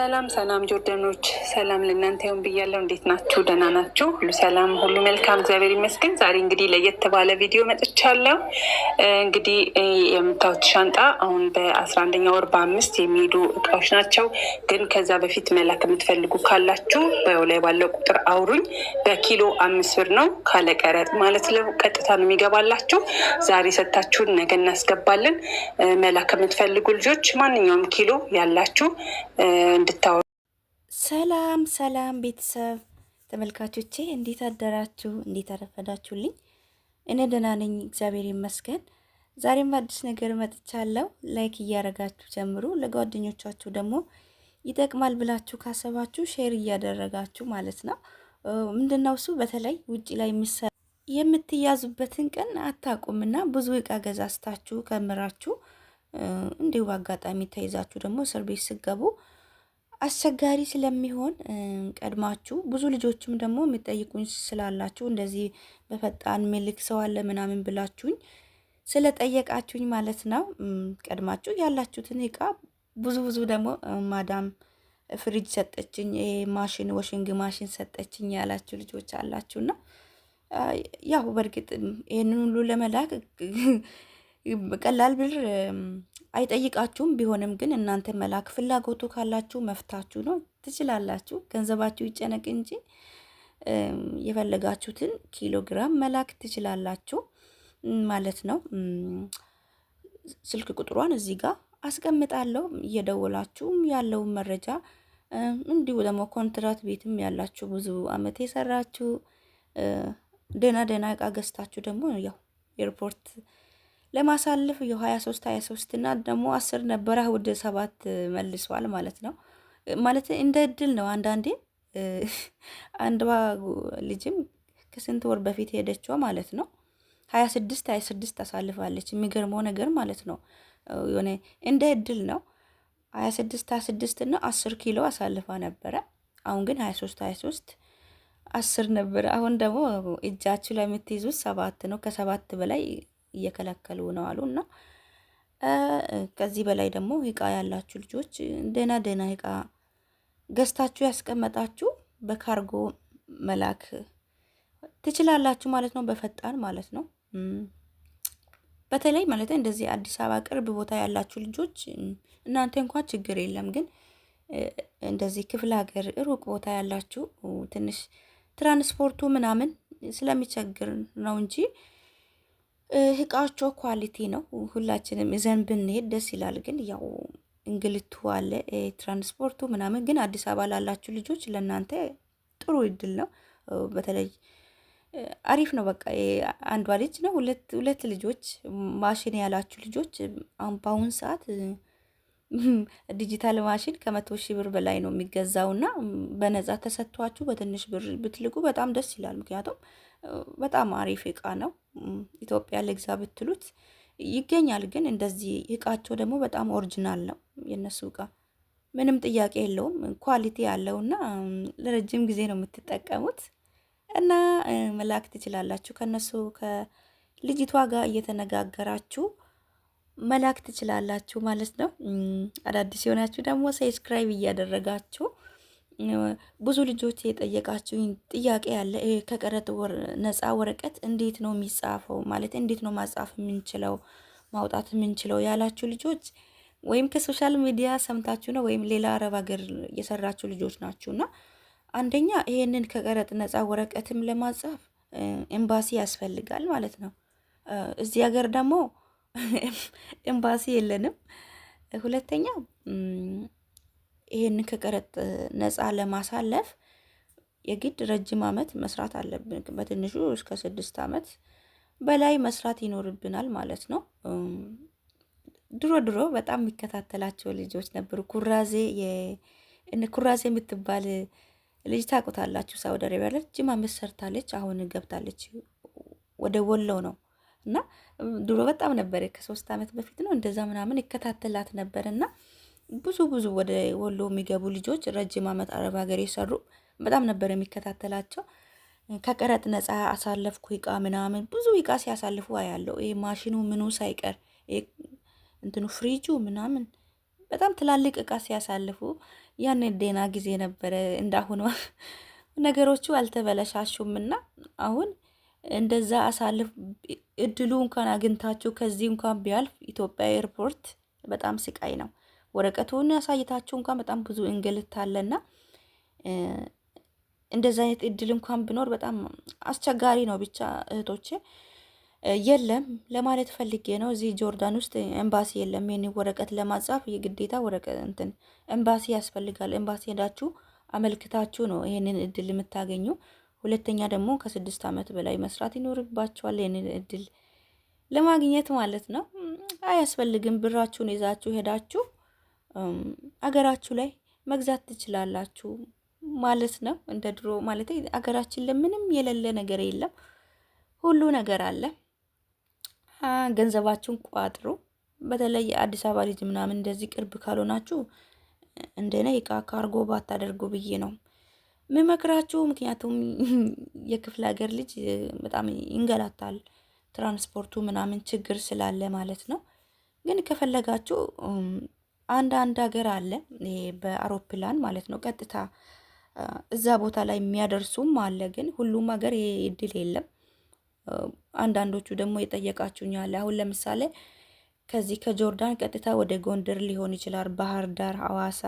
ሰላም ሰላም ጆርዳኖች፣ ሰላም ለእናንተ ይሁን ብያለሁ። እንዴት ናችሁ? ደህና ናችሁ? ሁሉ ሰላም፣ ሁሉ መልካም፣ እግዚአብሔር ይመስገን። ዛሬ እንግዲህ ለየት ባለ ቪዲዮ መጥቻለሁ። እንግዲህ የምታዩት ሻንጣ አሁን በአስራ አንደኛ ወር በአምስት የሚሄዱ እቃዎች ናቸው። ግን ከዛ በፊት መላክ የምትፈልጉ ካላችሁ በው ላይ ባለው ቁጥር አውሩኝ። በኪሎ አምስት ብር ነው ካለቀረጥ ማለት ለው ቀጥታ ነው የሚገባላችሁ። ዛሬ ሰታችሁን ነገ እናስገባለን። መላክ የምትፈልጉ ልጆች ማንኛውም ኪሎ ያላችሁ እንድታወሩ። ሰላም ሰላም ቤተሰብ ተመልካቾቼ እንዴት አደራችሁ? እንዴት አረፈዳችሁልኝ? እኔ ደህና ነኝ እግዚአብሔር ይመስገን። ዛሬም አዲስ ነገር መጥቻለሁ። ላይክ እያደረጋችሁ ጀምሩ። ለጓደኞቻችሁ ደግሞ ይጠቅማል ብላችሁ ካሰባችሁ ሼር እያደረጋችሁ ማለት ነው። ምንድነው እሱ በተለይ ውጭ ላይ የምሰራ የምትያዙበትን ቀን እና ብዙ እቃ ገዛስታችሁ ከምራችሁ እንዲሁ በአጋጣሚ ተይዛችሁ ደግሞ እስር ቤት ስገቡ አስቸጋሪ ስለሚሆን ቀድማችሁ ብዙ ልጆችም ደግሞ የሚጠይቁኝ ስላላችሁ እንደዚህ በፈጣን ሚልክ ሰው አለ ምናምን ብላችሁኝ ስለጠየቃችሁኝ ማለት ነው። ቀድማችሁ ያላችሁትን እቃ ብዙ ብዙ ደግሞ ማዳም ፍሪጅ ሰጠችኝ፣ ማሽን ወሽንግ ማሽን ሰጠችኝ ያላችሁ ልጆች አላችሁና ያው በእርግጥ ይህንን ሁሉ ለመላክ ቀላል ብር አይጠይቃችሁም። ቢሆንም ግን እናንተ መላክ ፍላጎቱ ካላችሁ መፍታችሁ ነው ትችላላችሁ። ገንዘባችሁ ይጨነቅ እንጂ የፈለጋችሁትን ኪሎ ግራም መላክ ትችላላችሁ ማለት ነው። ስልክ ቁጥሯን እዚህ ጋር አስቀምጣለሁ። እየደወላችሁም ያለውን መረጃ እንዲሁ ደግሞ ኮንትራት ቤትም ያላችሁ ብዙ አመት የሰራችሁ ደህና ደህና እቃ ገዝታችሁ ደግሞ ያው ኤርፖርት ለማሳለፍ የ23 23 እና ደግሞ አስር ነበረ ወደ ሰባት መልሷል ማለት ነው። ማለት እንደ እድል ነው። አንዳንዴ አንዷ ልጅም ከስንት ወር በፊት ሄደችው ማለት ነው። 26 26 አሳልፋለች። የሚገርመው ነገር ማለት ነው የሆነ እንደ እድል ነው። 26 26 እና 10 ኪሎ አሳልፋ ነበረ። አሁን ግን 23 23 አስር ነበረ። አሁን ደግሞ እጃችሁ ላይ የምትይዙት ሰባት ነው። ከሰባት በላይ እየከለከሉ ነው አሉ እና ከዚህ በላይ ደግሞ እቃ ያላችሁ ልጆች ደህና ደህና እቃ ገዝታችሁ ያስቀመጣችሁ በካርጎ መላክ ትችላላችሁ ማለት ነው። በፈጣን ማለት ነው። በተለይ ማለት እንደዚህ አዲስ አበባ ቅርብ ቦታ ያላችሁ ልጆች እናንተ እንኳን ችግር የለም፣ ግን እንደዚህ ክፍለ ሀገር ሩቅ ቦታ ያላችሁ ትንሽ ትራንስፖርቱ ምናምን ስለሚቸግር ነው እንጂ እቃቸው ኳሊቲ ነው። ሁላችንም ይዘን ብንሄድ ደስ ይላል። ግን ያው እንግልቱ አለ ትራንስፖርቱ ምናምን። ግን አዲስ አበባ ላላችሁ ልጆች ለእናንተ ጥሩ እድል ነው። በተለይ አሪፍ ነው። በቃ አንዷ ልጅ ነው ሁለት ልጆች ማሽን ያላችሁ ልጆች በአሁን ሰዓት ዲጂታል ማሽን ከመቶ ሺህ ብር በላይ ነው የሚገዛውና በነጻ ተሰጥቷችሁ በትንሽ ብር ብትልቁ በጣም ደስ ይላል። ምክንያቱም በጣም አሪፍ እቃ ነው። ኢትዮጵያ ልግዛ ብትሉት ይገኛል። ግን እንደዚህ እቃቸው ደግሞ በጣም ኦሪጂናል ነው የእነሱ እቃ ምንም ጥያቄ የለውም። ኳሊቲ ያለውና ለረጅም ጊዜ ነው የምትጠቀሙት እና መላክ ትችላላችሁ። ከነሱ ከልጅቷ ጋር እየተነጋገራችሁ መላክ ትችላላችሁ ማለት ነው። አዳዲስ የሆናችሁ ደግሞ ሰብስክራይብ እያደረጋችሁ ብዙ ልጆች የጠየቃችሁኝ ጥያቄ ያለ ከቀረጥ ነፃ ወረቀት እንዴት ነው የሚጻፈው? ማለት እንዴት ነው ማጻፍ የምንችለው ማውጣት የምንችለው ያላችሁ ልጆች ወይም ከሶሻል ሚዲያ ሰምታችሁ ነው ወይም ሌላ አረብ ሀገር የሰራችሁ ልጆች ናችሁና አንደኛ ይሄንን ከቀረጥ ነፃ ወረቀትም ለማጻፍ ኤምባሲ ያስፈልጋል ማለት ነው። እዚህ ሀገር ደግሞ ኤምባሲ የለንም። ሁለተኛ ይሄን ከቀረጥ ነፃ ለማሳለፍ የግድ ረጅም ዓመት መስራት አለብን። በትንሹ እስከ ስድስት ዓመት በላይ መስራት ይኖርብናል ማለት ነው። ድሮ ድሮ በጣም የሚከታተላቸው ልጆች ነበሩ። ኩራዜ ኩራዜ የምትባል ልጅ ታውቁታላችሁ? ሳውዲ አረቢያ ረጅም ዓመት ሰርታለች። አሁን ገብታለች ወደ ወሎ ነው እና ድሮ በጣም ነበር ከሶስት ዓመት በፊት ነው እንደዛ ምናምን ይከታተላት ነበር እና ብዙ ብዙ ወደ ወሎ የሚገቡ ልጆች ረጅም ዓመት አረብ ሀገር የሰሩ በጣም ነበር የሚከታተላቸው። ከቀረጥ ነፃ አሳለፍኩ ቃ ምናምን ብዙ እቃ ሲያሳልፉ አያለው። ይሄ ማሽኑ ምኑ ሳይቀር እንትኑ ፍሪጁ ምናምን በጣም ትላልቅ እቃ ሲያሳልፉ ያን ዴና ጊዜ ነበረ። እንዳሁኑ ነገሮቹ አልተበለሻሹም እና አሁን እንደዛ አሳልፍ እድሉ እንኳን አግኝታችሁ ከዚህ እንኳን ቢያልፍ ኢትዮጵያ ኤርፖርት በጣም ስቃይ ነው። ወረቀቱን ያሳይታችሁ እንኳን በጣም ብዙ እንግልት አለና እንደዚህ አይነት እድል እንኳን ቢኖር በጣም አስቸጋሪ ነው። ብቻ እህቶቼ የለም ለማለት ፈልጌ ነው። እዚህ ጆርዳን ውስጥ ኤምባሲ የለም። ይህን ወረቀት ለማጻፍ የግዴታ ወረቀት እንትን ኤምባሲ ያስፈልጋል። ኤምባሲ ሄዳችሁ አመልክታችሁ ነው ይህንን እድል የምታገኙ። ሁለተኛ ደግሞ ከስድስት ዓመት በላይ መስራት ይኖርባችኋል ይህንን እድል ለማግኘት ማለት ነው። አያስፈልግም። ብራችሁን ይዛችሁ ሄዳችሁ አገራችሁ ላይ መግዛት ትችላላችሁ ማለት ነው። እንደ ድሮ ማለት አገራችን ለምንም የሌለ ነገር የለም፣ ሁሉ ነገር አለ። ገንዘባችሁን ቋጥሩ። በተለይ የአዲስ አበባ ልጅ ምናምን እንደዚህ ቅርብ ካልሆናችሁ እንደኔ እቃ ካርጎ ባታደርጉ ብዬ ነው ምመክራችሁ። ምክንያቱም የክፍለ ሀገር ልጅ በጣም ይንገላታል፣ ትራንስፖርቱ ምናምን ችግር ስላለ ማለት ነው። ግን ከፈለጋችሁ አንድ ሀገር አለ በአውሮፕላን ማለት ነው ቀጥታ እዛ ቦታ ላይ የሚያደርሱም አለ። ግን ሁሉም ሀገር ይሄ እድል የለም። አንዳንዶቹ ደግሞ የጠየቃችሁኝ አለ። አሁን ለምሳሌ ከዚህ ከጆርዳን ቀጥታ ወደ ጎንደር ሊሆን ይችላል፣ ባህር ዳር፣ ሐዋሳ፣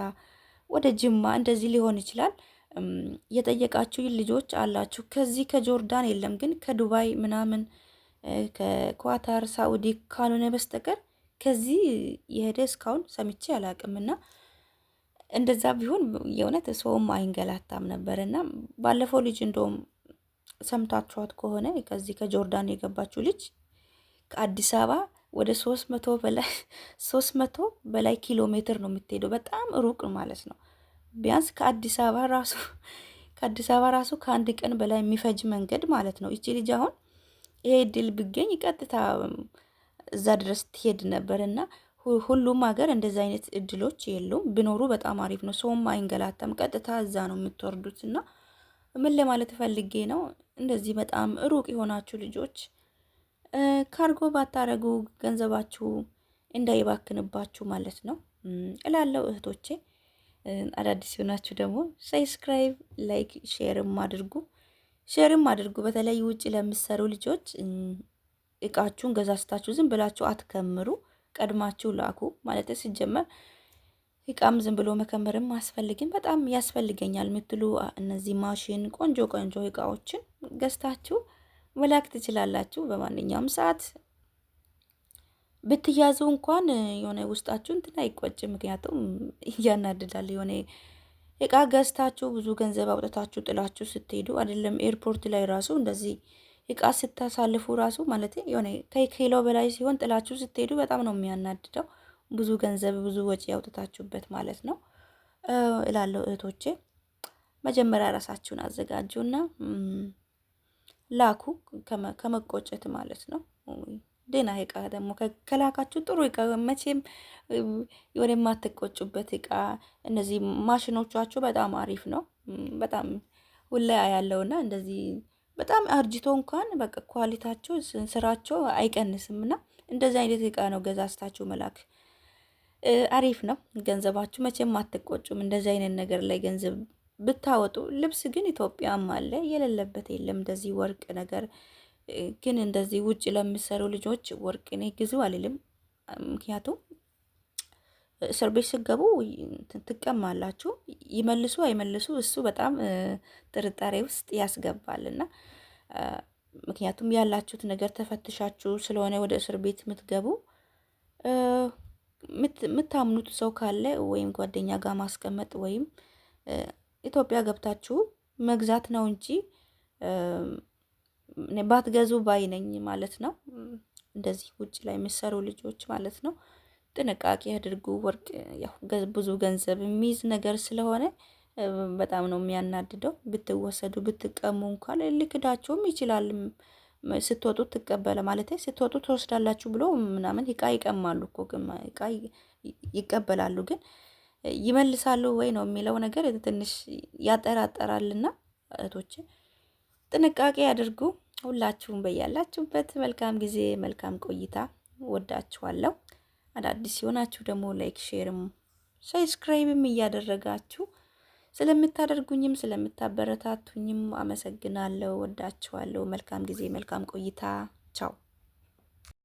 ወደ ጅማ እንደዚህ ሊሆን ይችላል። የጠየቃችሁ ልጆች አላችሁ። ከዚህ ከጆርዳን የለም፣ ግን ከዱባይ ምናምን ከኳታር ሳኡዲ ካልሆነ በስተቀር ከዚህ የሄደ እስካሁን ሰምቼ አላውቅም። እና እንደዛ ቢሆን የእውነት ሰውም አይንገላታም ነበር። እና ባለፈው ልጅ እንደውም ሰምታችኋት ከሆነ ከዚህ ከጆርዳን የገባችው ልጅ ከአዲስ አበባ ወደ ሶስት መቶ በላይ ሶስት መቶ በላይ ኪሎ ሜትር ነው የምትሄደው። በጣም ሩቅ ማለት ነው። ቢያንስ ከአዲስ አበባ ራሱ ከአዲስ አበባ ራሱ ከአንድ ቀን በላይ የሚፈጅ መንገድ ማለት ነው። ይቺ ልጅ አሁን ይሄ ድል ብገኝ ቀጥታ እዛ ድረስ ትሄድ ነበር እና ሁሉም ሀገር እንደዚ አይነት እድሎች የሉም። ቢኖሩ በጣም አሪፍ ነው። ሰውም አይንገላታም። ቀጥታ እዛ ነው የምትወርዱት እና ምን ለማለት ፈልጌ ነው፣ እንደዚህ በጣም ሩቅ የሆናችሁ ልጆች ካርጎ ባታረጉ ገንዘባችሁ እንዳይባክንባችሁ ማለት ነው እላለው እህቶቼ። አዳዲስ የሆናችሁ ደግሞ ሰብስክራይብ፣ ላይክ፣ ሼርም አድርጉ ሼርም አድርጉ። በተለይ ውጭ ለምሰሩ ልጆች እቃችሁን ገዛስታችሁ ዝም ብላችሁ አትከምሩ፣ ቀድማችሁ ላኩ ማለት ሲጀመር እቃም ዝም ብሎ መከመርም አያስፈልግም። በጣም ያስፈልገኛል የምትሉ እነዚህ ማሽን ቆንጆ ቆንጆ እቃዎችን ገዝታችሁ መላክ ትችላላችሁ። በማንኛውም ሰዓት ብትያዙ እንኳን የሆነ ውስጣችሁ እንትን አይቆጭ። ምክንያቱም እያናድዳል የሆነ እቃ ገዝታችሁ ብዙ ገንዘብ አውጥታችሁ ጥላችሁ ስትሄዱ አይደለም ኤርፖርት ላይ ራሱ እንደዚህ እቃ ስታሳልፉ ራሱ ማለት የሆነ ከኪሎ በላይ ሲሆን ጥላችሁ ስትሄዱ በጣም ነው የሚያናድደው። ብዙ ገንዘብ ብዙ ወጪ ያውጥታችሁበት ማለት ነው እላለሁ እህቶቼ። መጀመሪያ ራሳችሁን አዘጋጁና ላኩ ከመቆጨት ማለት ነው። ደህና እቃ ደግሞ ከላካችሁ ጥሩ እቃ መቼም የማትቆጩበት እቃ። እነዚህ ማሽኖቻችሁ በጣም አሪፍ ነው። በጣም ውላ ያለውና እንደዚህ በጣም አርጅቶ እንኳን በቃ ኳሊታቸው ስራቸው አይቀንስም እና እንደዚህ አይነት እቃ ነው ገዛዝታችሁ መላክ አሪፍ ነው። ገንዘባችሁ መቼም አትቆጩም። እንደዚህ አይነት ነገር ላይ ገንዘብ ብታወጡ። ልብስ ግን ኢትዮጵያም አለ የሌለበት የለም። እንደዚህ ወርቅ ነገር ግን እንደዚህ ውጭ ለሚሰሩ ልጆች ወርቅ እኔ ግዙ አልልም። ምክንያቱም እስር ቤት ስገቡ ትቀማላችሁ። ይመልሱ አይመልሱ እሱ በጣም ጥርጣሬ ውስጥ ያስገባል እና ምክንያቱም ያላችሁት ነገር ተፈትሻችሁ ስለሆነ ወደ እስር ቤት የምትገቡ የምታምኑት ሰው ካለ ወይም ጓደኛ ጋር ማስቀመጥ ወይም ኢትዮጵያ ገብታችሁ መግዛት ነው እንጂ ባትገዙ ባይነኝ ማለት ነው። እንደዚህ ውጭ ላይ የሚሰሩ ልጆች ማለት ነው። ጥንቃቄ አድርጉ። ወርቅ ያው ብዙ ገንዘብ የሚይዝ ነገር ስለሆነ በጣም ነው የሚያናድደው። ብትወሰዱ ብትቀሙ እንኳን ሊክዳችሁም ይችላል። ስትወጡ ትቀበለ ማለት ስትወጡ ትወስዳላችሁ ብሎ ምናምን እቃ ይቀማሉ እኮ እቃ ይቀበላሉ፣ ግን ይመልሳሉ ወይ ነው የሚለው ነገር ትንሽ ያጠራጠራልና እህቶች ጥንቃቄ አድርጉ። ሁላችሁም በያላችሁበት መልካም ጊዜ መልካም ቆይታ ወዳችኋለሁ። አዳዲስ ሲሆናችሁ ደግሞ ላይክ ሼርም ሰብስክራይብም እያደረጋችሁ ስለምታደርጉኝም ስለምታበረታቱኝም አመሰግናለሁ። ወዳችኋለሁ። መልካም ጊዜ፣ መልካም ቆይታ። ቻው